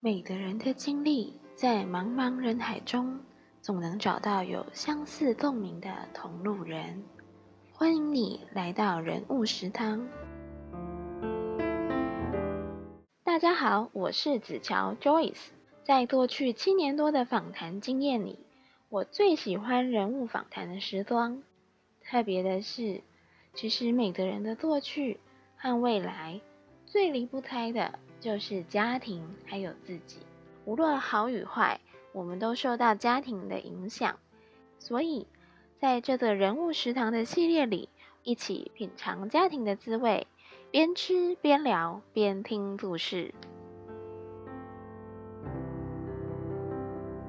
每個人的經歷，在茫茫人海中，總能找到有相似共鳴的同路人。歡迎你來到人物食堂。大家好，我是子喬 Joyce。在過去七年多的訪談經驗裡，我最喜歡人物訪談的時光。特別的是，其實每個人的過去和未來最離不開的。就是家庭還有自己，無論好與壞，我們都受到家庭的影響。所以，在這個人物食堂的系列裡，一起品嘗家庭的滋味，邊吃邊聊邊聽故事。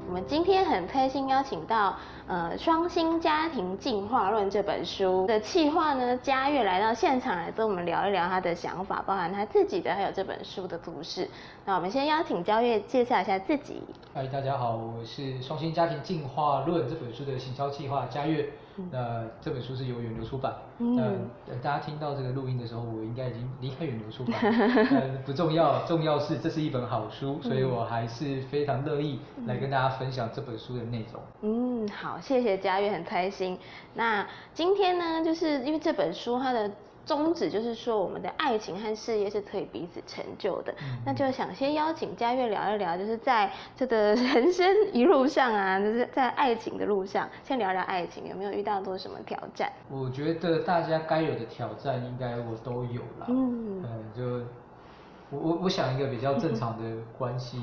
我們今天很開心邀請到，呃，《雙薪家庭進化論》這本書的、這個、企劃呢，嘉悅來到現場來跟我們聊一聊他的想法，包含他自己的，還有這本書的故事。那我們先邀請嘉悅介紹一下自己。嗨，大家好，我是《雙薪家庭進化論》這本書的行銷企劃嘉悅。佳那這本書是由遠流出版。那、嗯呃、大家聽到這個錄音的時候，我應該已經離開遠流出版， 不重要，重要是這是一本好書，所以我還是非常樂意來跟大家分享這本書的內容。嗯，好，謝謝嘉悅，很開心。那今天呢，就是因為這本書它的。宗旨就是說，我們的愛情和事業是可以彼此成就的。嗯、那就想先邀請嘉悅聊一聊，就是在這個人生一路上啊，就是在愛情的路上，先聊聊愛情有沒有遇到過什麼挑戰？我覺得大家該有的挑戰，應該我都有了。嗯，嗯，就我我想一個比較正常的關係、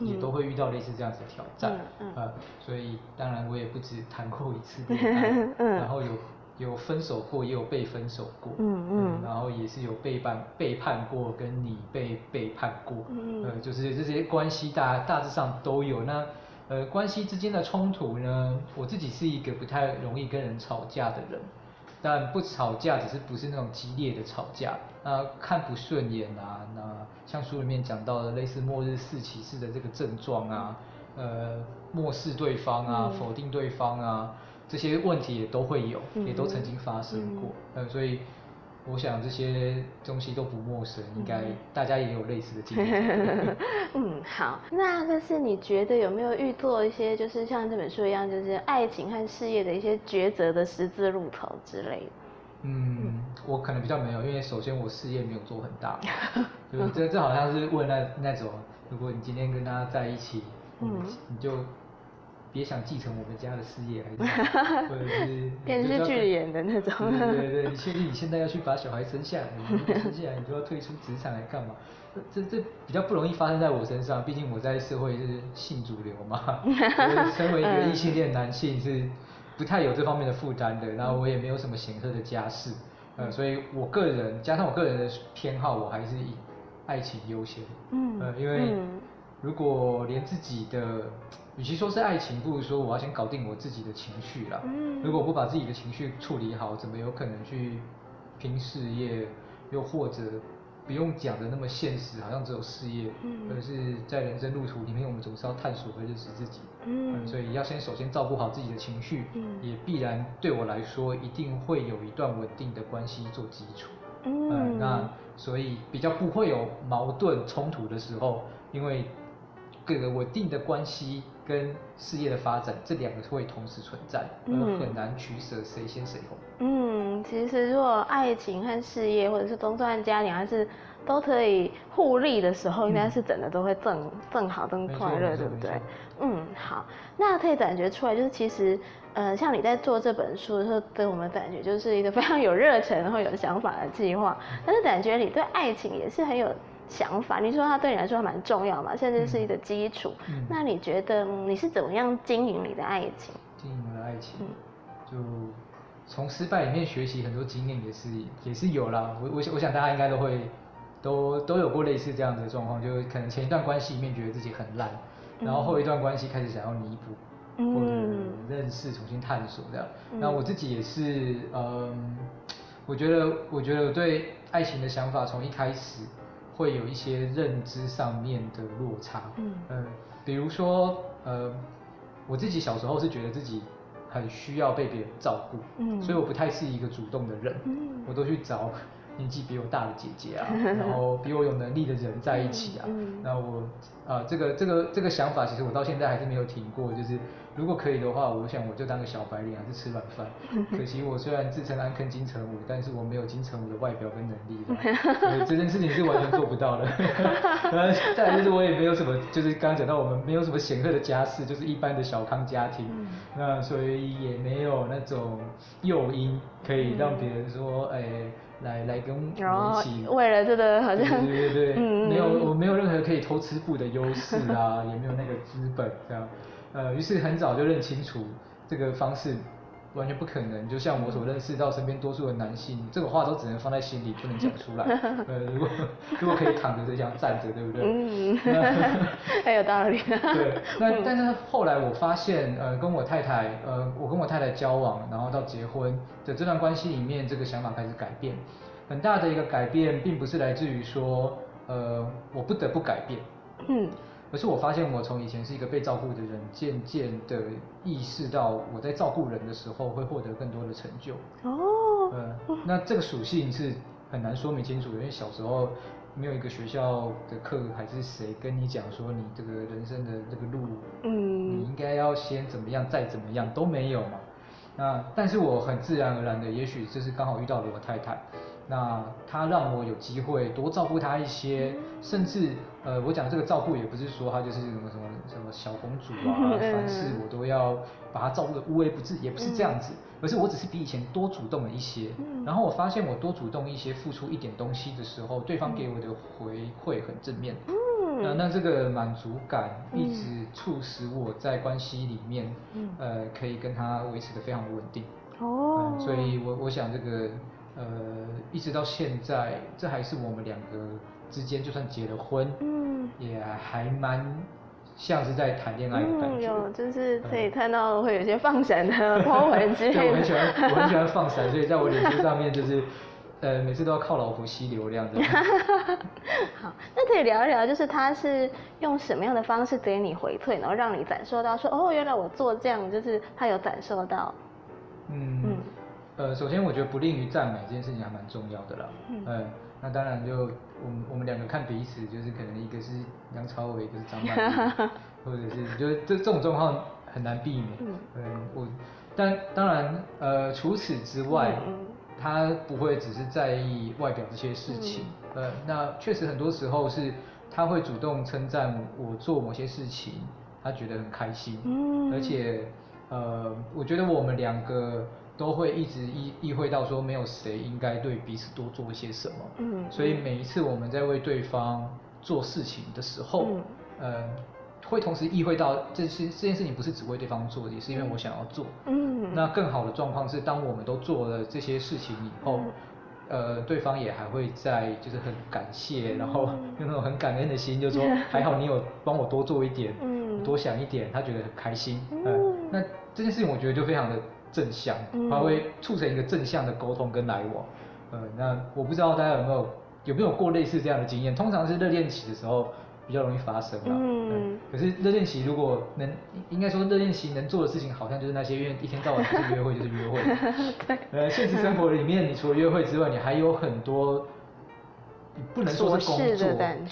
嗯，也都會遇到類似這樣子的挑戰。嗯，嗯，嗯，所以當然我也不止談過一次，嗯，嗯，然後有。有分手過，也有被分手過，嗯嗯，嗯，然後也是有背叛背叛過，跟你被背叛過，嗯、呃，就是這些關係大大致上都有。那呃，關係之間的衝突呢，我自己是一個不太容易跟人吵架的人，但不吵架，只是不是那種激烈的吵架。那看不順眼啊，那像書裡面講到的類似末日四騎士的這個症狀啊，呃，漠視對方啊、嗯，否定對方啊。這些問題也都會有，嗯、也都曾經發生過、嗯呃，所以我想這些東西都不陌生，嗯、應該大家也有類似的經歷。嗯， 嗯，好，那但是你覺得有沒有預做一些，就是像這本書一樣，就是愛情和事業的一些抉擇的十字路口之類，嗯，嗯，我可能比較沒有，因為首先我事業沒有做很大， 就這這好像是問那那種，如果你今天跟他在一起，嗯，嗯，你就。別想繼承我們家的事業來， 或者是電視劇演的那種？對對對，對，甚至你現在要去把小孩生下，你生下來， 你就要退出職場來幹嘛？ 這這比較不容易發生在我身上，畢竟我在社會就是性主流嘛，我 身為一個異性戀男性是不太有這方面的負擔的。 然後我也沒有什麼顯赫的家世，嗯，嗯，所以我個人加上我個人的偏好，我還是以愛情優先，嗯，呃，因為。嗯如果連自己的，與其說是愛情，不如說我要先搞定我自己的情緒啦。嗯。如果不把自己的情緒處理好，怎麼有可能去拼事業？又或者不用講的那麼現實，好像只有事業。可、嗯、是在人生路途裡面，我們總是要探索和認識自己。嗯。所以要先首先照顧好自己的情緒，嗯。也必然對我來說，一定會有一段穩定的關係做基礎。嗯。嗯。那所以比較不會有矛盾衝突的時候，因為。各個，個穩定的關係跟事業的發展，這兩個都會同時存在，嗯，而很難取捨誰先誰後。嗯，其實如果愛情和事業，或者是工作和家庭，還是都可以互利的時候，嗯，應該是整的都會正正好，更快樂，對不對？嗯，好，那可以感覺出來，就是其實，呃，像你在做這本書的時候，給我們感覺就是一個非常有熱忱，然後有想法的計劃，嗯。但是感覺你對愛情也是很有想法，你說他對你來說還蠻重要嘛，現在這是一個基礎、嗯嗯。那你覺得你是怎麼樣經營你的愛情？經營我的愛情、嗯，就從失敗裡面學習很多經驗也是也是有啦。我我我想大家應該都會都都有過類似這樣的狀況，就可能前一段關係裡面覺得自己很爛，嗯、然後後一段關係開始想要彌補、嗯、或者認識重新探索這樣。那、嗯、我自己也是，嗯，我覺得我覺得對愛情的想法從一開始會有一些認知上面的落差，嗯、呃，比如說，呃，我自己小時候是覺得自己很需要被別人照顧，嗯，所以我不太是一個主動的人，嗯，我都去找。年紀比我大的姐姐啊，然後比我有能力的人在一起啊， 嗯嗯、那我啊，這個這個這個想法，其實我到現在還是沒有停過。就是如果可以的話，我想我就當個小白臉，還是吃軟飯。 可惜我雖然自稱安坑金城武，但是我沒有金城武的外表跟能力，啊，對， 這件事情是完全做不到的。再來 就是我也沒有什麼，就是剛剛講到我們沒有什麼顯赫的家世，就是一般的小康家庭，嗯、那所以也沒有那種誘因可以讓別人說，嗯、哎。來來跟我們一起、哦，為了這個好像，對對對,對、嗯，沒有我沒有任何可以偷吃布的優勢啊， 也沒有那個資本這樣，呃，於是很早就認清楚這個方式。完全不可能，就像我所認識到身邊多數的男性，嗯，這個話都只能放在心裡，不 能講出來。呃、如果如果可以躺着就這樣站着，對不對？嗯，那 還有道理。對，那、嗯、但是後來我發現，呃，跟我太太，呃，我跟我太太交往，然後到結婚的這段關係裡面，這個想法開始改變。很大的一個改變，並不是來自於說，呃，我不得不改變。嗯。可是我發現，我從以前是一個被照顧的人，漸漸的意識到，我在照顧人的時候會獲得更多的成就。哦。呃，那這個屬性是很難說明清楚的，因為小時候沒有一個學校的課還是誰跟你講說，你這個人生的這個路，嗯、mm.，你應該要先怎麼樣，再怎麼樣都沒有嘛。那但是我很自然而然的，也許就是剛好遇到了我的太太。那他讓我有機會多照顧他一些，甚至，呃，我講這個照顧也不是說他就是什麼什麼什麼小公主啊，凡事我都要把他照顧的無微不至，也不是這樣子，而是我只是比以前多主動了一些，然後我發現我多主動一些付出一點東西的時候，對方給我的回饋很正面，那那這個滿足感一直促使我在關係裡面，呃，可以跟他維持得非常穩定，哦，所以我我想這個。呃，一直到現在，這還是我們兩個之間，就算結了婚，嗯，也還蠻像是在談戀愛的感覺。嗯、有，就是可以看到會有些放閃的 PO 文之類的。我很喜歡，我很喜歡放閃， 所以在我臉書上面就是，呃，每次都要靠老婆吸流量。這樣子 好，那可以聊一聊，就是他是用什麼樣的方式給你回饋，然後讓你感受到說，哦，原來我做這樣，就是他有感受到。嗯。嗯呃，首先我覺得不吝於讚美這件事情還蠻重要的啦，嗯。嗯。那當然就我們我們兩個看彼此，就是可能一個是梁朝偉，一個是張曼玉， 或者是就覺得這這種狀況很難避免。嗯。嗯，我，但當然，呃，除此之外，嗯嗯，他不會只是在意外表這些事情。嗯。呃、嗯，那確實很多時候是他會主動稱讚我做某些事情，他覺得很開心。嗯。而且，呃，我覺得我們兩個。都會一直意意會到說，沒有誰應該對彼此多做一些什麼嗯。嗯。所以每一次我們在為對方做事情的時候，嗯。呃，會同時意會到，這是這件事情不是只為對方做，也是因為我想要做。嗯。嗯那更好的狀況是，當我們都做了這些事情以後，嗯，呃，對方也還會在，就是很感謝、嗯，然後用那種很感恩的心，就說、嗯、還好你有幫我多做一點，嗯。多想一點，他覺得很開心、呃。嗯。那這件事情我覺得就非常的。正向，它會促成一個正向的溝通跟來往。嗯、呃、那我不知道大家有沒有有沒有過類似這樣的經驗？通常是熱戀期的時候比較容易發生嘛。嗯，嗯，可是熱戀期如果能應該說，熱戀期能做的事情，好像就是那些，因為一天到晚不是約會就是約會。對。 呃，現實生活裡面，你除了約會之外，你還有很多。你不能說是工作，對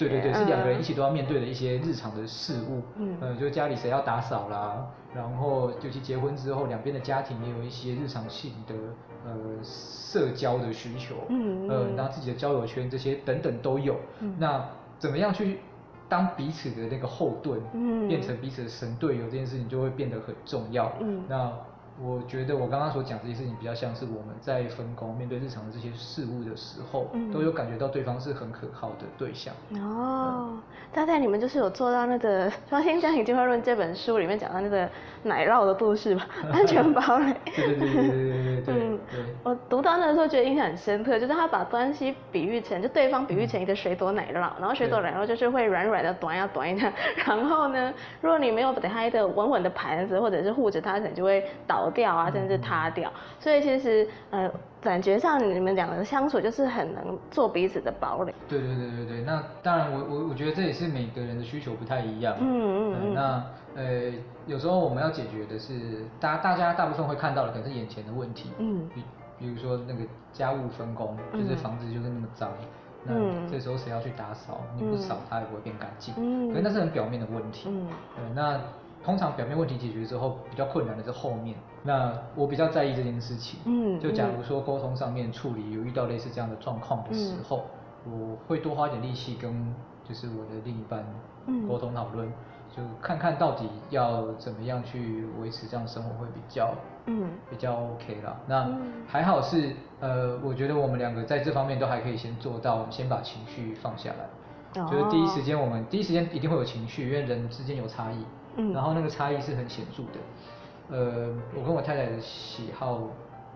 對對、嗯，是兩個人一起都要面對的一些日常的事物。嗯，呃，就家裡誰要打掃啦，然後尤其結婚之後，兩邊的家庭也有一些日常性的呃社交的需求，嗯，嗯呃，然後自己的交友圈這些等等都有、嗯，那怎麼樣去當彼此的那個後盾，嗯，變成彼此的神隊友，這件事情就會變得很重要，嗯，那。我覺得我剛剛所講這些事情比較像是我們在分工面對日常的這些事物的時候，嗯、都有感覺到對方是很可靠的對象。哦，嗯、大概你們就是有做到那個《雙薪家庭進化論》這本書裡面講到那個奶酪的故事吧？安全堡壘。 對，對，對對對對對。 嗯對對對對對對對，我讀到那個時候覺得印象很深刻，就是他把關係比喻成就對方比喻成一個水煮奶酪、嗯，然後水煮奶酪就是會軟軟的短要短一點。然後呢，如果你沒有給他一個穩穩的盤子或者是護着他，可能就會倒。掉啊嗯嗯，甚至塌掉。所以其實，呃，感覺上你們兩個的相處就是很能做彼此的堡壘。對對對對對。那當然我，我我我覺得這也是每個人的需求不太一樣。嗯嗯，嗯、呃。那呃，有時候我們要解決的是，大大家大部分會看到的，可能是眼前的問題。嗯。比比如說那個家務分工，就是房子就是那麼髒、嗯嗯，那這時候誰要去打掃？你不掃，它也不會變乾淨。嗯，嗯。可是那是很表面的問題。嗯。對、呃，那。通常表面問題解決之後，比較困難的是後面。那我比較在意這件事情，嗯嗯、就假如說溝通上面處理有遇到類似這樣的狀況的時候、嗯，我會多花一點力氣跟就是我的另一半溝通討論、嗯，就看看到底要怎麼樣去維持這樣生活會比較、嗯、比較 OK 啦。那、嗯、還好是呃，我覺得我們兩個在這方面都還可以先做到，先把情緒放下來，就是第一時間我們、哦、第一時間一定會有情緒，因為人之間有差異。嗯、然後那個差異是很顯著的，呃，我跟我太太的喜好、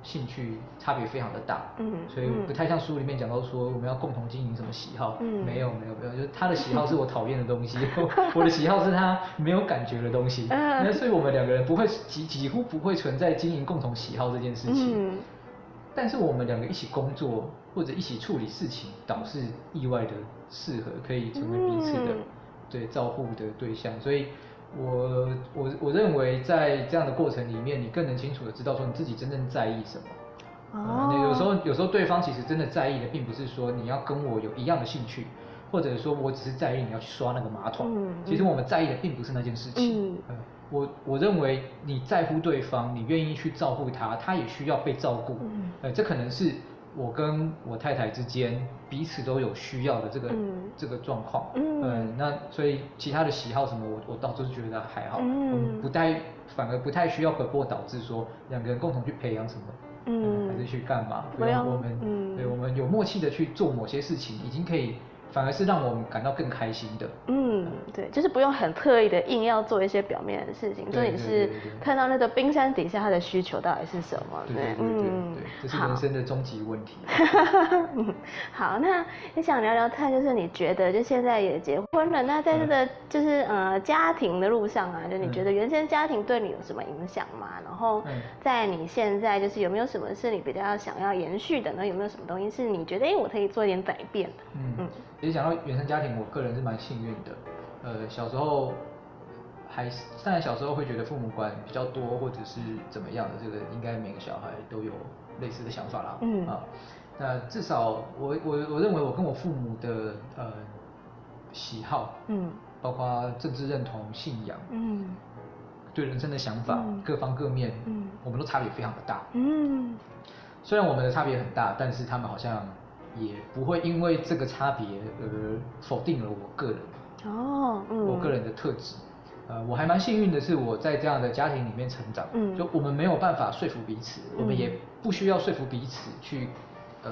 興趣差別非常的大，嗯，嗯，所以不太像書裡面講到說我們要共同經營什麼喜好，嗯、沒有沒有沒有，就是她的喜好是我討厭的東西，嗯、我的喜好是她沒有感覺的東西， 那所以我們兩個人不會幾幾乎不會存在經營共同喜好這件事情，嗯、但是我們兩個一起工作或者一起處理事情，倒是意外的適合，可以成為彼此的、嗯、對照顧的對象，所以。我我我認為在這樣的過程裡面，你更能清楚的知道說你自己真正在意什麼。啊、oh. 呃。有時候有時候對方其實真的在意的，並不是說你要跟我有一樣的興趣，或者說我只是在意你要去刷那個馬桶。Mm-hmm. 其實我們在意的並不是那件事情。Mm-hmm. 呃、我我認為你在乎對方，你願意去照顧他，他也需要被照顧。嗯、mm-hmm. 呃。這可能是。我跟我太太之間彼此都有需要的這個、嗯、這個狀況、嗯，嗯，那所以其他的喜好什麼我，我我倒是覺得還好，嗯，不太反而不太需要被迫導致說，兩個人共同去培養什麼嗯，嗯，還是去幹嘛，不我們、嗯，對，我們有默契的去做某些事情，已經可以，反而是讓我們感到更開心的，嗯。嗯，對，就是不用很特意的硬要做一些表面的事情，所以你是看到那個冰山底下他的需求到底是什麼。對，對對對對對嗯對，這是人生的終極問題。好， 好那你想聊聊看，就是你覺得就現在也結婚了，嗯、那在這個就是呃家庭的路上啊，就你覺得原生家庭對你有什麼影響嗎、嗯？然後在你現在就是有沒有什麼是你比較想要延續的呢？有沒有什麼東西是你覺得哎我可以做一點改變的？嗯嗯，其實講到原生家庭，我個人是蠻幸運的。呃，小時候還是雖然小時候會覺得父母管比較多，或者是怎麼樣的，這個應該每個小孩都有類似的想法啦。嗯。啊，那至少我我我認為我跟我父母的呃喜好，嗯，包括政治認同、信仰，嗯，對人生的想法，嗯，各方各面，嗯，我們都差別非常的大。嗯。雖然我們的差別很大，但是他們好像也不會因為這個差別而否定了我個人。哦、oh，嗯，我個人的特質，呃，我還蠻幸運的是我在這樣的家庭裡面成長，嗯，就我們沒有辦法說服彼此，嗯，我們也不需要說服彼此去，呃，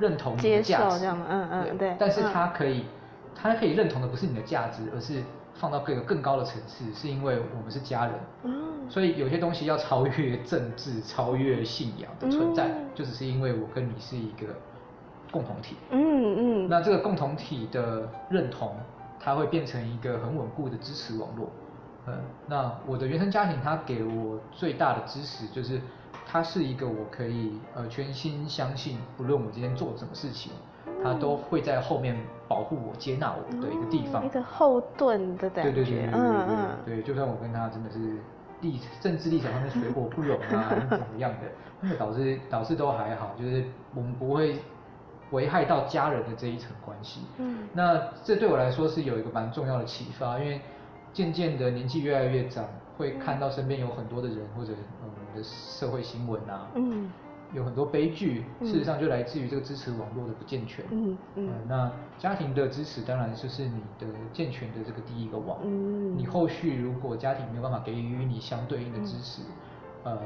認同你的價值，接受這樣。嗯嗯，對，對。但是他可以，嗯，他可以認同的不是你的價值，而是放到各個更高的層次，是因為我們是家人，嗯，所以有些東西要超越政治、超越信仰的存在，嗯，就只是因為我跟你是一個共同體，嗯嗯，那這個共同體的認同。它會變成一個很穩固的支持網絡、嗯，那我的原生家庭它給我最大的支持就是，它是一個我可以呃全心相信，不論我們今天做什麼事情，嗯、它都會在後面保護我、接納我的一個地方、嗯嗯，一個後盾的感覺。對對對對對、嗯、對對、對、嗯、對、對、對、嗯，對，就算我跟他真的是立政治立場上面水火不容啊， 怎麼樣的，那個導致導致都還好，就是我們不會。危害到家人的這一層關係，嗯，那這對我來說是有一個蠻重要的啟發，因為漸漸的年紀越來越長，會看到身邊有很多的人或者嗯，我們的社會新聞啊，嗯，有很多悲劇，嗯，事實上就來自於這個支持網絡的不健全，嗯，嗯，呃，那家庭的支持當然就是你的健全的這個第一個網，嗯，你後續如果家庭沒有辦法給予你相對應的支持，嗯，呃，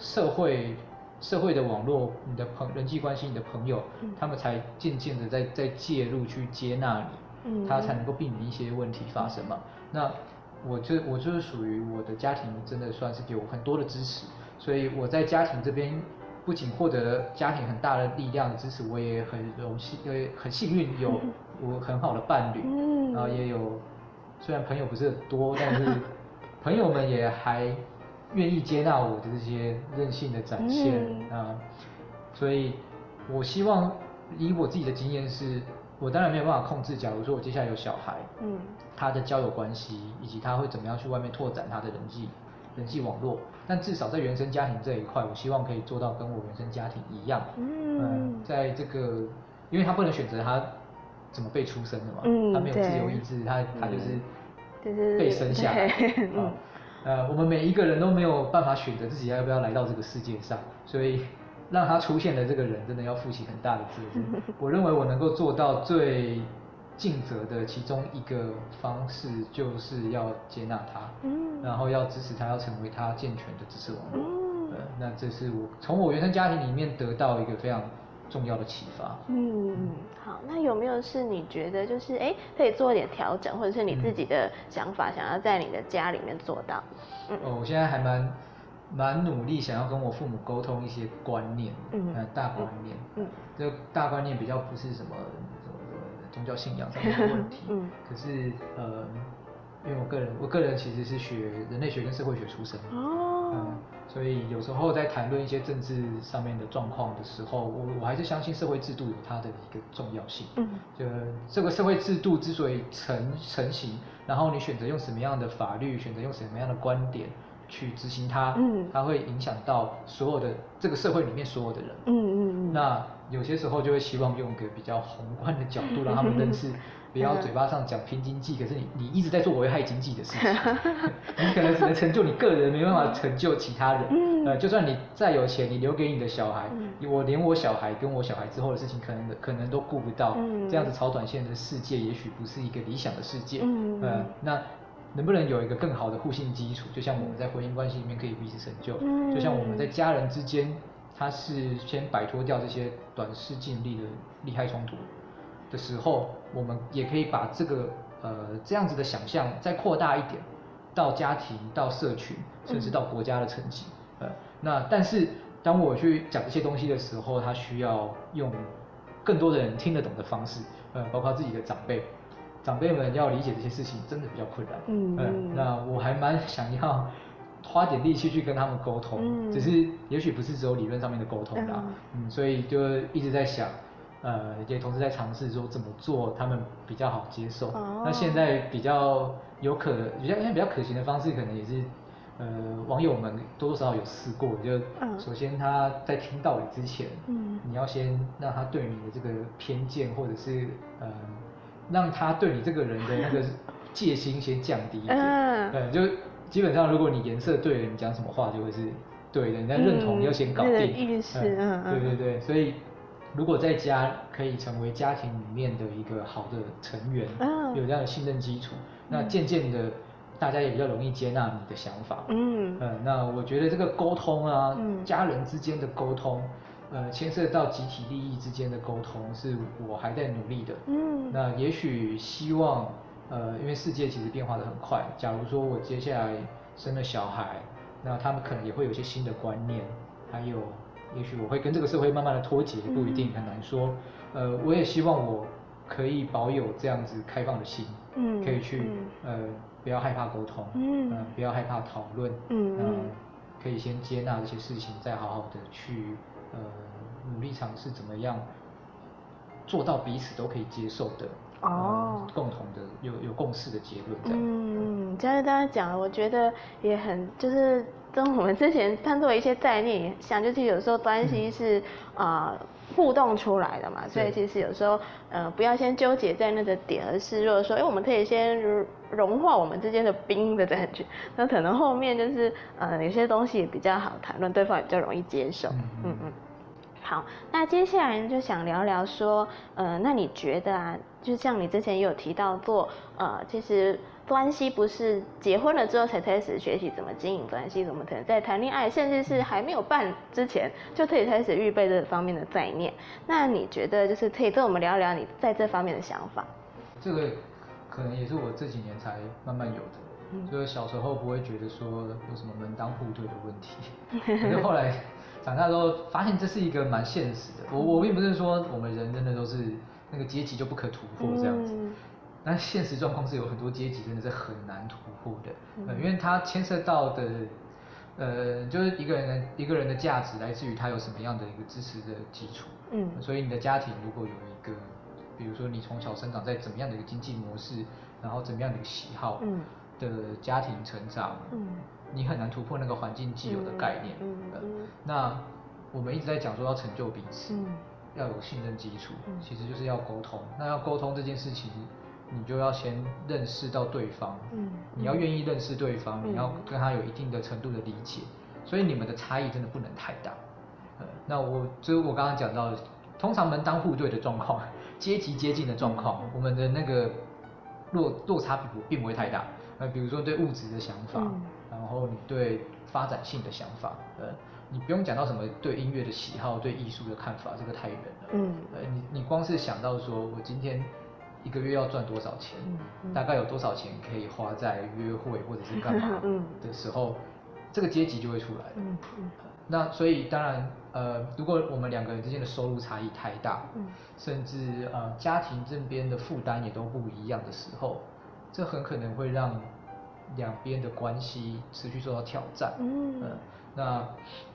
社會。社會的網絡，你的朋人際關係，你的朋友，嗯、他們才漸漸的在在介入去接納你，他才能夠避免一些問題發生嘛。那我就我就是屬於我的家庭，真的算是給我很多的支持，所以我在家庭這邊不僅獲得家庭很大的力量的支持，我也很榮幸，很幸運有我很好的伴侶，嗯、然後也有雖然朋友不是多，但是朋友們也還。願意接納我的這些任性的展現、嗯、啊，所以我希望以我自己的經驗是，我當然沒有辦法控制。假如說我接下來有小孩，嗯、他的交友關係以及他會怎麼樣去外面拓展他的人際人際網絡，但至少在原生家庭這一塊，我希望可以做到跟我原生家庭一樣。嗯，嗯在這個，因為他不能選擇他怎麼被出生的嘛，嗯、他沒有自由意志，他、嗯、他就是被生下來。嗯嗯嗯呃，我們每一個人都沒有辦法選擇自己要不要來到這個世界上，所以讓他出現的這個人真的要負起很大的責任。我認為我能夠做到最盡責的其中一個方式，就是要接納他，然後要支持他，要成為他健全的支持網絡。呃，那這是我從我原生家庭裡面得到一個非常重要的啟發嗯。嗯，好，那有沒有是你覺得就是哎、欸，可以做一點調整，或者是你自己的想法，想要在你的家裡面做到？嗯嗯、哦，我現在還蠻蠻努力，想要跟我父母溝通一些觀念，嗯，呃、大觀念嗯，嗯，就大觀念比較不是什麼宗教信仰上面的問題，呵呵嗯，可是呃，因為我個人，我個人其實是學人類學跟社會學出身，哦。嗯所以有時候在談論一些政治上面的狀況的時候，我我還是相信社會制度有它的一個重要性。嗯，就這個社會制度之所以成成型，然後你選擇用什麼樣的法律，選擇用什麼樣的觀點去執行它，嗯，它會影響到所有的這個社會裡面所有的人。嗯嗯，那有些時候就會希望用一個比較宏觀的角度讓他們認識。 不要嘴巴上講拼經濟，可是你你一直在做危害經濟的事情， 你可能只能成就你個人，沒辦法成就其他人。嗯、呃，就算你再有錢，你留給你的小孩，嗯、我連我小孩跟我小孩之後的事情可，可能可能都顧不到、嗯。這樣子超短線的世界，也許不是一個理想的世界、嗯。呃，那能不能有一個更好的互信基礎？就像我們在婚姻關係裡面可以彼此成就，就像我們在家人之間，他是先擺脫掉這些短視、近利的利害衝突的時候。我們也可以把這個呃這樣子的想象再擴大一點，到家庭、到社群，甚至到國家的層級、嗯，呃，那但是當我去講這些東西的時候，他需要用更多的人聽得懂的方式，呃，包括自己的長輩，長輩們要理解這些事情真的比較困難，嗯，呃、那我還蠻想要花點力氣去跟他們溝通、嗯，只是也許不是只有理論上面的溝通啦嗯，嗯，所以就一直在想。呃，也同時在嘗試說怎麼做他們比較好接受。Oh. 那現在比較有可能比較現在比較可行的方式，可能也是，呃，網友們多多少少有試過，就首先他在聽到你之前，uh. 你要先讓他對你的這個偏見，或者是呃，讓他對你這個人的那個戒心先降低一點。呃、uh. 嗯、就基本上如果你顏色對了，你講什麼話就會是對的，人家認同、uh. 你要先搞定、uh. 嗯。對對對，所以。如果在家可以成為家庭裡面的一個好的成員，oh. 有這樣的信任基礎，那漸漸的大家也比較容易接納你的想法。嗯、mm. 呃，那我覺得這個溝通啊，mm. 家人之間的溝通，呃，牽涉到集體利益之間的溝通，是我還在努力的。嗯、mm.，那也許希望，呃，因為世界其實變化得很快，假如說我接下來生了小孩，那他們可能也會有一些新的觀念，還有。也許我會跟這個社會慢慢的脫節，不一定很難說、嗯。呃，我也希望我可以保有這樣子開放的心，嗯，可以去、嗯、呃，不要害怕溝通，嗯、呃，不要害怕討論，嗯、呃，可以先接納這些事情，再好好的去呃，努力嘗試怎麼樣做到彼此都可以接受的哦、呃，共同的有有共識的結論這樣。嗯，嘉悅剛才講，我覺得也很就是。跟我們之前探索一些在內想，就是有時候關係是啊、嗯呃、互動出來的嘛，所以其實有時候呃不要先糾結在那個點而是如果，說、欸、我們可以先融化我們之間的冰的感覺、嗯，那可能後面就是呃有些東西也比較好談論，對方也比較容易接受嗯嗯。嗯嗯。好，那接下來就想聊聊說，呃，那你覺得啊，就像你之前也有提到過呃，其實。關係不是結婚了之後才開始學習怎麼經營關係，怎麼可能在談戀愛，甚至是還沒有辦之前，就可以開始預備這方面的概念。那你覺得，就是可以跟我們聊一聊你在這方面的想法？這個可能也是我這幾年才慢慢有的，嗯、就是小時候不會覺得說有什麼門當戶對的問題， 可是後來長大之後發現這是一個蠻現實的。我我並不是說我們人真的都是那個階級就不可突破這樣子。嗯。但現實狀況是有很多階級真的是很難突破的，嗯呃、因為它牽涉到的，呃，就是一個人的一個人的價值來自於他有什麼樣的一個支持的基礎，嗯、呃，所以你的家庭如果有一個，比如說你從小生長在怎麼樣的一個經濟模式，然後怎麼樣的一個喜好，嗯，的家庭成長，嗯，你很難突破那個環境既有的概念，嗯，嗯呃、那我們一直在講說要成就彼此，嗯、要有信任基礎，其實就是要溝通，那要溝通這件事情。你就要先認識到對方，嗯，你要願意認識對方，嗯，你要跟他有一定的程度的理解，嗯，所以你們的差異真的不能太大，呃，那我就是，我剛剛講到，通常門當戶對的狀況，階級接近的狀況，嗯，我們的那個落落差並不並不會太大，那，呃，比如說對物質的想法，嗯，然後你對發展性的想法，呃，你不用講到什麼對音樂的喜好，對藝術的看法，這個太遠了，嗯，呃，你你光是想到說我今天。一個月要賺多少錢，嗯嗯？大概有多少錢可以花在約會或者是幹嘛的時候，呵呵嗯，這個階級就會出來，嗯嗯。那所以當然，呃，如果我們兩個人之間的收入差異太大，嗯，甚至呃家庭這邊的負擔也都不一樣的時候，這很可能會讓兩邊的關係持續受到挑戰。嗯，呃那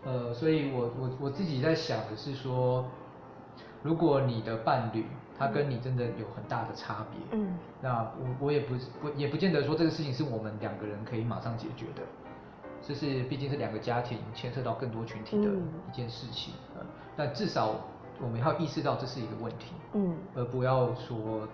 呃，所以我我我自己在想的是說，如果你的伴侶。他跟你真的有很大的差別。嗯，那我我也不不也不見得說這個事情是我們兩個人可以馬上解決的，這、就是畢竟是兩個家庭，牽涉到更多群體的一件事情。嗯，但至少我們要意識到這是一個問題。嗯，而不要說。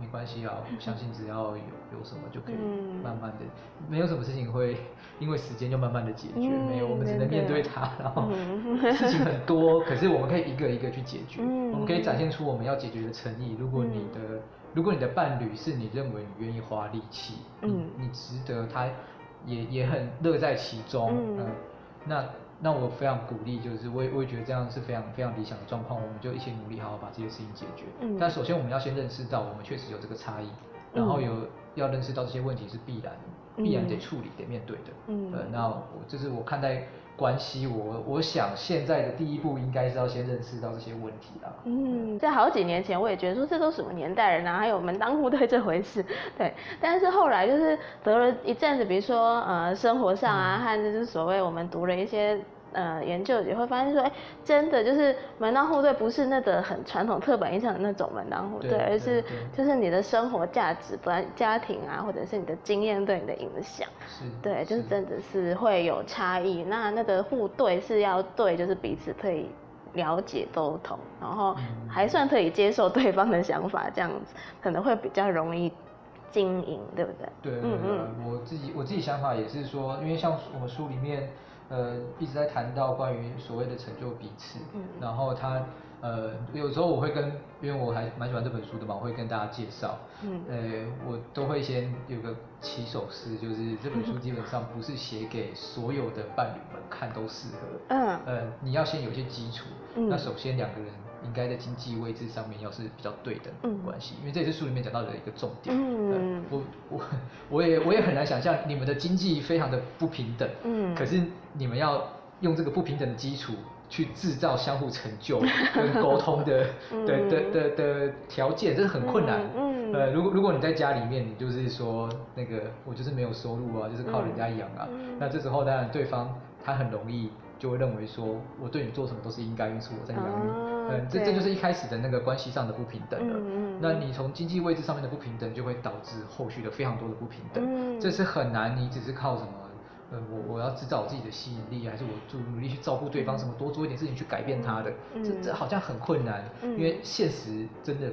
沒關係啊，我相信只要有有什麼就可以慢慢的，嗯、沒有什麼事情會因為時間就慢慢的解決、嗯，沒有，我們只能面對它。嗯、然後事情很多、嗯，可是我們可以一個一個去解決、嗯，我們可以展現出我們要解決的誠意。如果你的，嗯、如果你的伴侶是你認為你願意花力氣，嗯、你，你值得，他也，也也很樂在其中，嗯，呃、那。那我非常鼓勵，就是我也我也覺得這樣是非常非常理想的狀況，我們就一起努力，好好把這些事情解決、嗯。但首先我們要先認識到，我們確實有這個差異，然後有、嗯、要認識到這些問題是必然，必然得處理、嗯、得面對的。嗯，呃，那我就是我看待。關係我，我想現在的第一步應該是要先認識到這些問題啊。嗯，在好幾年前，我也覺得說這都什麼年代了，哪還有門當戶對這回事，對。但是後來就是得了一陣子，比如說呃，生活上啊，還有就是所謂我們讀了一些。呃，研究也會發現說，哎，真的就是門當戶對不是那個很傳統刻板印象的那種門當戶對，而是就是你的生活價值、不然家庭啊，或者是你的經驗對你的影響，是對，就是真的是會有差異。那那個戶對是要對，就是彼此可以了解溝通，然後還算可以接受對方的想法，這樣子可能會比較容易經營，對不對？對,對,對，嗯嗯，我自己我自己想法也是說，因為像我書裡面。呃，一直在談到關於所謂的成就彼此，嗯，然後他，呃，有時候我會跟，因為我還蠻喜歡這本書的嘛，我會跟大家介紹，嗯，呃，我都會先有個起手式，就是這本書基本上不是寫給所有的伴侶們看都適合，嗯，呃，你要先有些基礎，嗯，那首先兩個人，應該在經濟位置上面要是比較對等的關係，嗯、因為這也是書裡面講到的一個重點。嗯，嗯我我我也我也很難想象你們的經濟非常的不平等，嗯，可是你們要用這個不平等的基礎去制造相互成就跟溝通的，嗯、對的的的，的條件，這是很困難。嗯，嗯呃，如果如果你在家裡面，你就是說那個我就是沒有收入啊，就是靠人家養啊，嗯嗯、那這時候當然對方他很容易。就會認為說，我對你做什麼都是應該，因此我在養你，嗯，這這就是一開始的那個關係上的不平等了。Mm -hmm. 那你從經濟位置上面的不平等，就會導致後續的非常多的不平等。Mm -hmm. 這是很難，你只是靠什麼，嗯、呃，我我要製造我自己的吸引力，還是我努努力去照顧對方，什麼多做一點事情去改變他的，mm -hmm. 這這好像很困難，mm -hmm. 因為現實真的。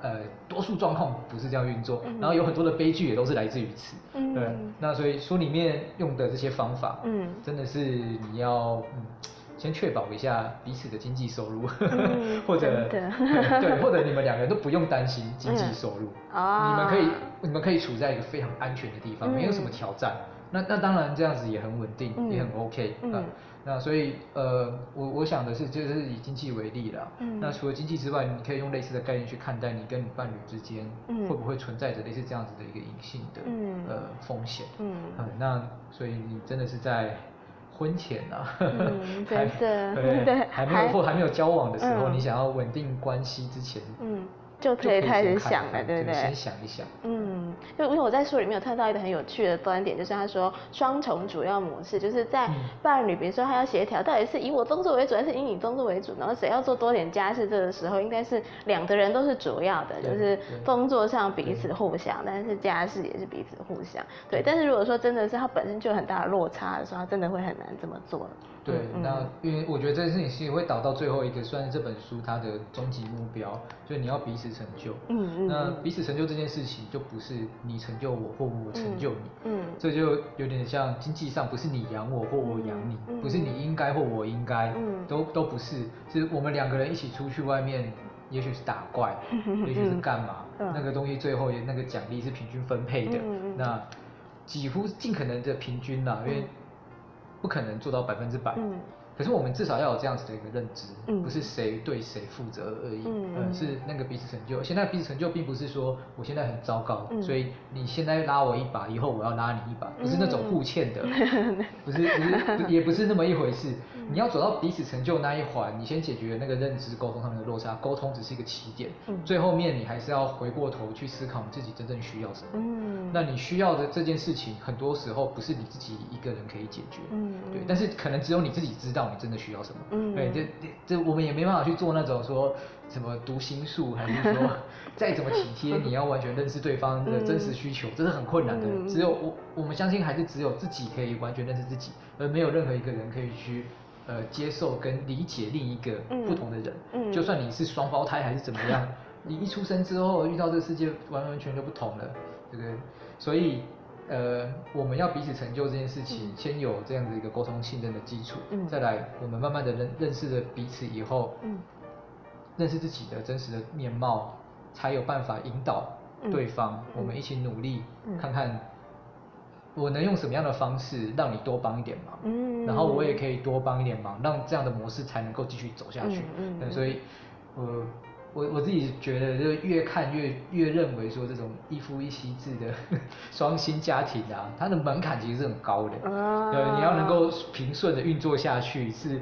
呃，多數狀況不是這樣運作，嗯，然後有很多的悲劇也都是來自於此。嗯，對。那所以書裡面用的這些方法，嗯，真的是你要，嗯，先確保一下彼此的經濟收入，嗯， 或者 對，或者你們兩個人都不用擔心經濟收入，嗯，你們可以，嗯，你們可以處在一個非常安全的地方，沒有什麼挑戰。嗯，那那當然這樣子也很穩定，嗯，也很 OK 啊，嗯。嗯那所以，呃，我我想的是，就是以經濟為例了，嗯。那除了經濟之外，你可以用類似的概念去看待你跟你伴侶之間，會不會存在着類似這樣子的一個隱性的，嗯、呃風險、嗯？嗯。那所以你真的是在婚前啊？嗯，真對、對、對、對。還沒有或還沒有交往的時候、嗯、你想要穩定關係之前。嗯就可以開始想了，對不對？先想一想。嗯，因為我在書裡面有看到一個很有趣的觀點，就是他說雙重主要模式，就是在伴侶，比如說他要協調，到底是以我工作為主，還是以你工作為主？然後誰要做多點家事，這個時候應該是兩個人都是主要的，就是工作上彼此互相，但是家事也是彼此互相。對，但是如果說真的是他本身就有很大的落差的時候，他真的會很難這麼做。對，那因為我覺得這件事情會導到最後一個，算是這本書它的終極目標，就是你要彼此成就。嗯嗯、那彼此成就這件事情，就不是你成就我或我成就你。嗯嗯、這就有點像經濟上，不是你養我或我養你，嗯，不是你應該或我應該，嗯，都都不是，是我們兩個人一起出去外面，也許是打怪，嗯、也許是幹嘛，嗯，那個東西最後也那個獎勵是平均分配的。嗯嗯、那幾乎盡可能的平均啦，因為。不可能做到百分之百。嗯可是我們至少要有這樣子的一個認知，嗯、不是誰對誰負責而已、嗯，是那個彼此成就，現在彼此成就並不是說我現在很糟糕，嗯、所以你現在拉我一把，以後我要拉你一把，不是那種互欠的、嗯，不是不是 也不是那麼一回事。你要走到彼此成就那一環，你先解決那個認知溝通上面的落差，溝通只是一個起點、嗯，最後面你還是要回過頭去思考你自己真正需要什麼、嗯。那你需要的這件事情，很多時候不是你自己一個人可以解決，嗯、對，但是可能只有你自己知道。你真的需要什麼？嗯、對，這這這我們也沒辦法去做那種說什麼讀心術，還是說再怎麼體貼，你要完全認識對方的真實需求，嗯、這是很困難的。嗯、只有我，我們相信還是只有自己可以完全認識自己，而沒有任何一個人可以去呃接受跟理解另一個不同的人。嗯嗯、就算你是雙胞胎還是怎麼樣、嗯，你一出生之後遇到這個世界，完完全全就不同了。對不對？這個，所以。呃，我們要彼此成就這件事情，嗯、先有這樣子一個溝通信任的基礎、嗯，再來我們慢慢的認認識了彼此以後、嗯，認識自己的真實的面貌，才有辦法引導對方，嗯、我們一起努力、嗯，看看我能用什麼樣的方式讓你多幫一點忙、嗯，然後我也可以多幫一點忙、嗯，讓這樣的模式才能夠繼續走下去、嗯嗯嗯。所以，呃。我我自己覺得，就越看越越認為說，這種一夫一妻制的雙薪家庭啊，它的門檻其實是很高的。呃、啊，你要能夠平順的運作下去是。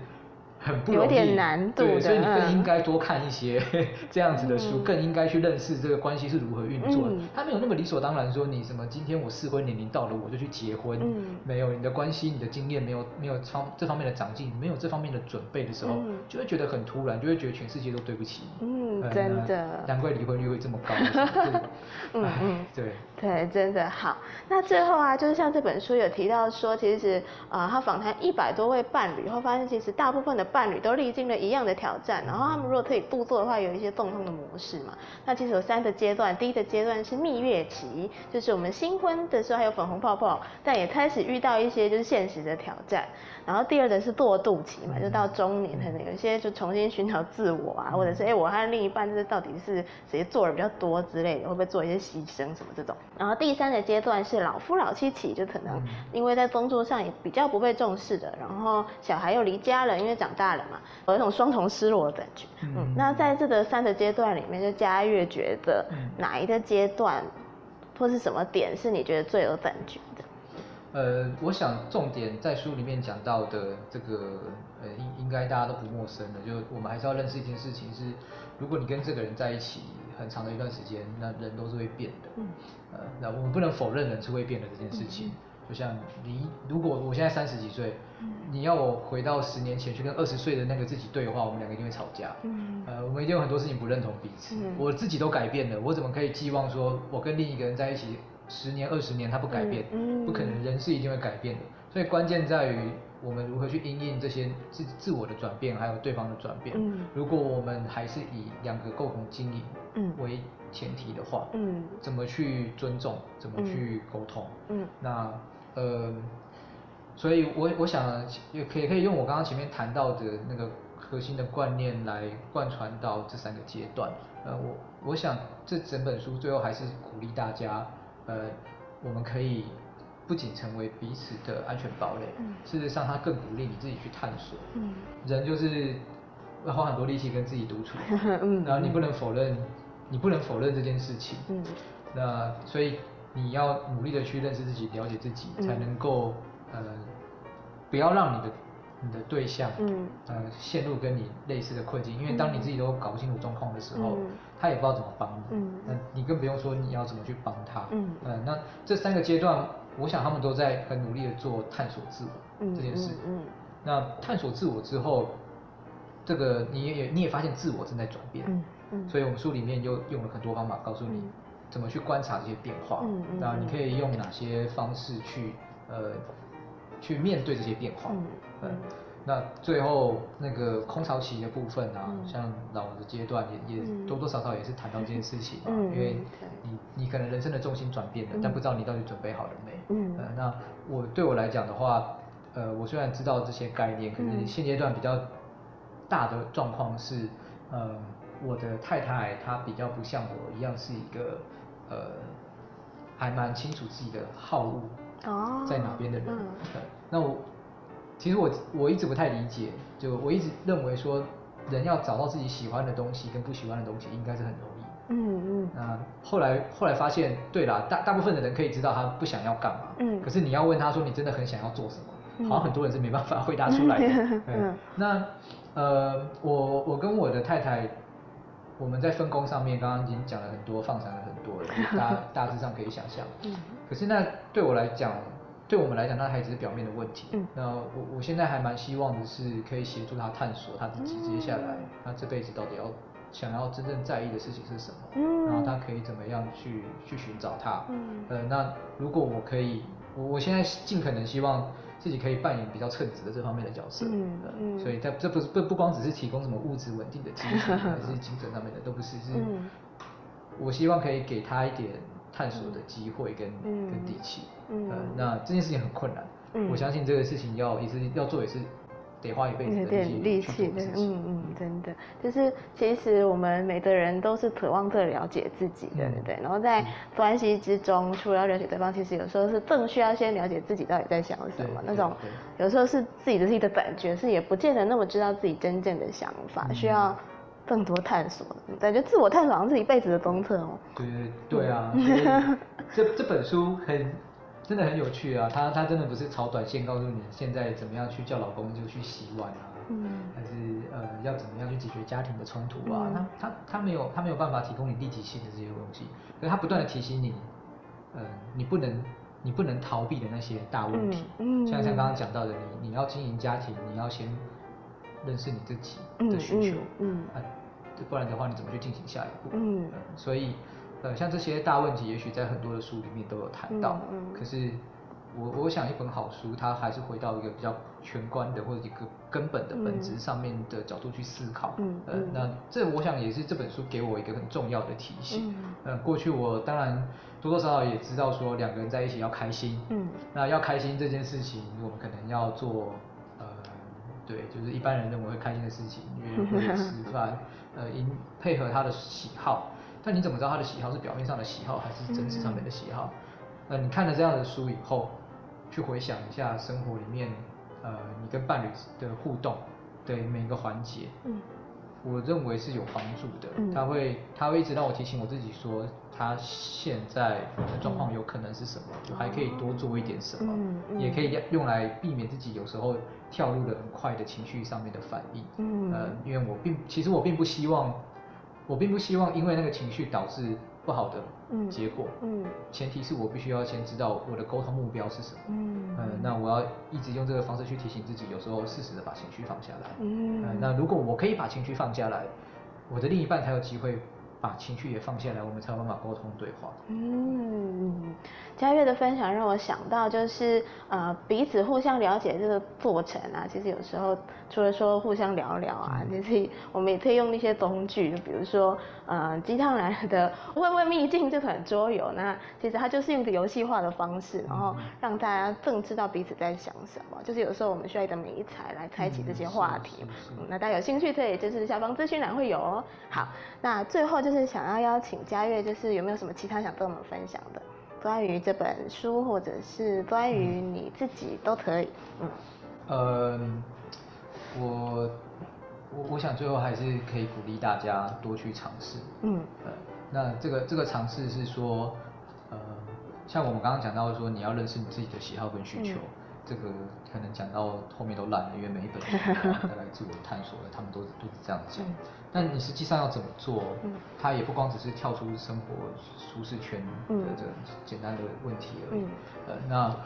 很不容易，有點難度，對，所以你更應該多看一些這樣子的書，嗯、更應該去認識這個關係是如何運作的，嗯。他沒有那麼理所當然說你什麼，今天我適婚年齡到了，我就去結婚。嗯、沒有你的關係，你的經驗沒有沒有超這方面的長進，沒有這方面的準備的時候，嗯，就會覺得很突然，就會覺得全世界都對不起你。嗯，真的。嗯、難怪離婚率會這麼高的 對。唉、對。對，真的好。那最後啊，就是像這本書有提到說，其實啊、呃，他訪談一百多位伴侶後，會發現其實大部分的伴侶都歷經了一樣的挑戰。然後他們如果可以度過的話，有一些共通的模式嘛、嗯。那其實有三個階段，第一個階段是蜜月期，就是我們新婚的時候還有粉紅泡泡，但也開始遇到一些就是現實的挑戰。然後第二的是過渡期嘛，就到中年可能有一些就重新尋找自我啊，或者是哎、欸、我和另一半就是到底是誰做的比較多之類的，會不會做一些犧牲什麼這種。然後第三個階段是老夫老妻期，就可能因為在工作上也比較不被重視的、嗯，然後小孩又離家了，因為長大了嘛，有一種雙重失落的感覺。嗯，嗯，那在這個三個階段裡面，就嘉悅覺得哪一個階段，或是什麼點是你覺得最有感覺？呃，我想重點在書裡面講到的這個，呃，應應該大家都不陌生的，就是我們還是要認識一件事情是，如果你跟這個人在一起很長的一段時間，那人都是會變的。呃，那我們不能否認人是會變的這件事情。就像你，如果我現在三十幾歲，你要我回到十年前去跟二十歲的那個自己對話，我們兩個一定會吵架。呃，我們一定有很多事情不認同彼此。我自己都改變了，我怎麼可以寄望說我跟另一個人在一起？十年二十年，他不改變，嗯嗯、不可能。人是一定會改變的，所以關鍵在於我們如何去因應這些自自我的轉變，還有對方的轉變、嗯。如果我們還是以兩個共同經營為前提的話、嗯，怎麼去尊重，怎麼去溝通？嗯、那呃，所以我我想也可以可以用我剛剛前面談到的那個核心的觀念來貫穿到這三個階段。呃，我我想這整本書最後還是鼓勵大家。呃，我們可以不僅成為彼此的安全堡壘，嗯，事實上它更鼓勵你自己去探索，嗯，人就是要花很多力氣跟自己獨處，嗯，然後你不能否認，嗯，你不能否認這件事情，嗯，那所以你要努力的去認識自己、了解自己，嗯，才能夠呃，不要讓你的。你的對象、嗯，呃，陷入跟你類似的困境，因為當你自己都搞不清楚狀況的時候、嗯，他也不知道怎麼幫你、嗯，那你更不用說你要怎麼去幫他。嗯、呃，那這三個階段，我想他們都在很努力的做探索自我、嗯、這件事嗯嗯。嗯，那探索自我之後，這個你也你也發現自我正在轉變。嗯，嗯，所以我們書裡面就用了很多方法告訴你，怎麼去觀察這些變化。嗯，那、嗯、你可以用哪些方式去，呃。去面對這些變化，嗯，嗯、呃、那最後那個空巢期的部分啊，嗯、像老的階段也也多多少少也是談到這件事情吧、啊嗯，因為你、嗯、okay, 你可能人生的重心轉變了、嗯，但不知道你到底準備好了沒？嗯，呃、那我對我來講的話，呃，我雖然知道這些概念，可能現階段比較大的狀況是、嗯，呃，我的太太她比較不像我一樣是一個，呃，還蠻清楚自己的好惡。嗯在哪邊的人？嗯、對，那我其實我我一直不太理解，就我一直認為說人要找到自己喜歡的東西跟不喜歡的東西應該是很容易。嗯嗯。那後來後來發現，對啦，大大部分的人可以知道他不想要幹嘛，嗯。可是你要問他說你真的很想要做什麼？好像很多人是沒辦法回答出來的。嗯、對，那呃，我我跟我的太太，我們在分工上面剛剛已經講了很多，放下了很多人，大大致上可以想象。嗯可是那對我來講，對我們來講，那還只是表面的問題。嗯、那我我現在還蠻希望的是，可以協助他探索他自己接下來，他這輩子到底要想要真正在意的事情是什麼，嗯、然後他可以怎麼樣去去尋找他。嗯。呃、那如果我可以我，我現在盡可能希望自己可以扮演比較稱職的這方面的角色。嗯，嗯所以他這不不不光只是提供什麼物質穩定的基礎，還是精神上面的都不是，嗯、是。我希望可以給他一點。探索的機會跟跟底氣，嗯，氣嗯、呃，那這件事情很困難，嗯、我相信這個事情要也是要做也是得花一輩子的點力氣，對，嗯嗯，真的就是其實我們每個人都是渴望着了解自己的、嗯，對，然後在關係之中，除、嗯、了要了解對方，其實有時候是更需要先了解自己到底在想什麼，那種有時候是自己的自己的感覺，是也不見得那麼知道自己真正的想法，嗯、需要。更多探索，你感覺自我探索好像是一輩子的功課哦、喔。對對對啊！這這本書很，真的很有趣啊。它它真的不是炒短線，告訴你現在怎麼樣去叫老公就去洗碗啊，嗯、還是呃要怎麼樣去解決家庭的衝突啊？嗯、它它它沒有它沒有辦法提供你立即性的這些東西，可是它不斷的提醒你，呃，你不能你不能逃避的那些大問題，嗯嗯、像像剛剛講到的，你你要經營家庭，你要先認識你自己的需求，嗯。嗯嗯不然的話，你怎麼去進行下一步？嗯，嗯所以，呃、嗯，像這些大問題，也許在很多的書裡面都有談到。嗯嗯、可是我，我我想一本好書，它還是回到一個比較全觀的或者一個根本的本質上面的角度去思考。嗯，嗯嗯嗯那這我想也是這本書給我一個很重要的提醒嗯。嗯，過去我當然多多少少也知道說兩個人在一起要開心。嗯，那要開心這件事情，我們可能要做，嗯，對，就是一般人認為會開心的事情，因為會吃飯。 呃，應配合他的喜好，但你怎麼知道他的喜好是表面上的喜好還是真實上面的喜好嗯，嗯？呃，你看了這樣的書以後，去回想一下生活裡面，呃，你跟伴侶的互動對每一個環節，嗯，我認為是有幫助的。他會，他會一直讓我提醒我自己說。他現在的狀況有可能是什麼？就、嗯、還可以多做一點什麼，嗯嗯、也可以用來避免自己有時候跳入了很快的情緒上面的反應。嗯，呃、因為我並其實我並不希望，我並不希望因為那個情緒導致不好的結果。嗯，嗯前提是我必須要先知道我的溝通目標是什麼。嗯，嗯、呃，那我要一直用這個方式去提醒自己，有時候適時的把情緒放下來。嗯，嗯、呃，那如果我可以把情緒放下來，我的另一半才有機會，把情緒也放下來，我們才有辦法溝通對話。嗯，嘉悅的分享讓我想到，就是呃，彼此互相了解這個過程啊。其實有時候除了說互相聊聊啊，是其實我們也可以用那些工具，就比如說呃，雞湯來了的《問問秘境》這款桌遊，那其實它就是用一個遊戲化的方式，然後讓大家更知道彼此在想什麼。嗯、就是有時候我們需要一個媒材來開啟這些話題、嗯是是是是嗯、那大家有興趣可以就是下方資訊欄會有哦。好，那最後。就是想要邀請嘉悅，就是有沒有什麼其他想跟我們分享的？關於這本書，或者是關於你自己都可以。嗯。嗯呃，我我，我想最後還是可以鼓勵大家多去嘗試。嗯、呃。那這個這個嘗試是說、呃，像我們剛剛講到說，你要認識你自己的喜好跟需求。嗯這個可能講到後面都爛了，因為每一本書都來自我探索了， 他們都是都是這樣講。但你實際上要怎麼做，它、嗯、也不光只是跳出生活舒適圈的這、嗯、簡單的問題而已。呃、嗯嗯，那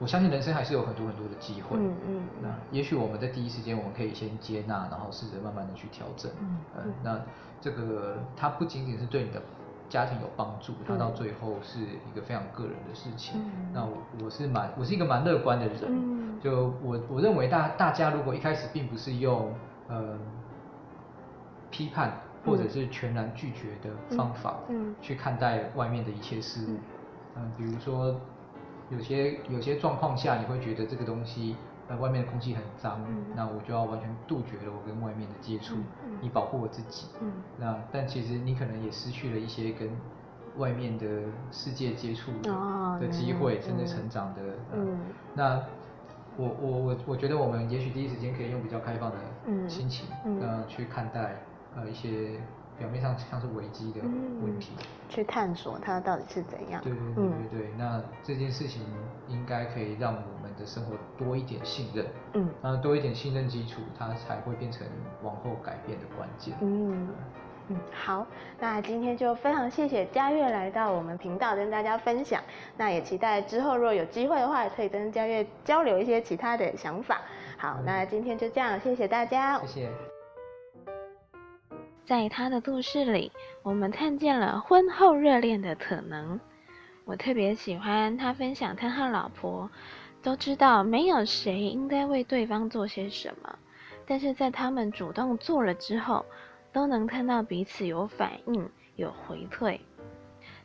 我相信人生還是有很多很多的機會。嗯，嗯，那也許我們在第一時間，我們可以先接納，然後試着慢慢的去調整。嗯。嗯嗯，那這個它不僅僅是對你的。家庭有幫助，他到最後是一個非常個人的事情。嗯、那我我是蠻我是一個蠻樂觀的人，嗯、就我我認為大大家如果一開始並不是用嗯、呃、批判或者是全然拒絕的方法去看待外面的一切事物，嗯，嗯嗯比如說有些有些狀況下你會覺得這個東西。那、呃、外面的空氣很髒、嗯，那我就要完全杜絕了我跟外面的接觸，以、嗯嗯、保護我自己。嗯、那但其實你可能也失去了一些跟外面的世界接觸的，、哦、的機會、嗯，甚至成長的。呃嗯、那我我我我覺得我們也許第一時間可以用比較開放的心情，嗯呃嗯、去看待呃一些表面上像是危機的問題、嗯，去探索它到底是怎樣。對對對對對，對、嗯，那這件事情應該可以讓我。的生活多一點信任，嗯，啊、多一點信任基礎，他才會變成往後改變的關鍵。嗯嗯，好，那今天就非常謝謝嘉悅來到我們頻道跟大家分享。那也期待之後如果有機會的話，可以跟嘉悅交流一些其他的想法。好，那今天就這樣，謝謝大家。嗯、謝謝。在他的故事裡，我們看見了婚後熱戀的可能。我特別喜歡他分享他和老婆。都知道沒有誰應該為對方做些什麼，但是在他們主動做了之後，都能看到彼此有反應、有回饋。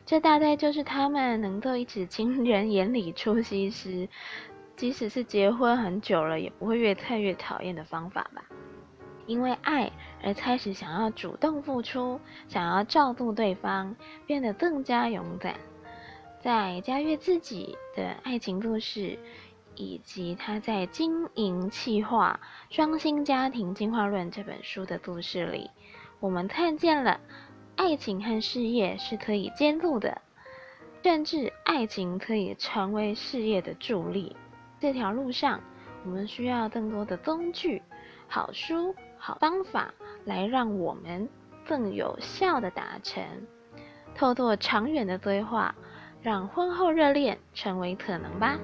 這大概就是他們能夠一直情人眼裡出西施，即使是結婚很久了也不會越看越討厭的方法吧。因為愛而開始想要主動付出，想要照顧對方，變得更加勇敢。在嘉悅自己的愛情故事，以及他在《經營企劃：雙薪家庭進化論》這本書的故事裡，我們看見了愛情和事業是可以兼顧的，甚至愛情可以成為事業的助力。這條路上，我們需要更多的工具、好書、好方法來讓我們更有效地達成。透過長遠的規劃，讓婚後熱戀成為可能吧。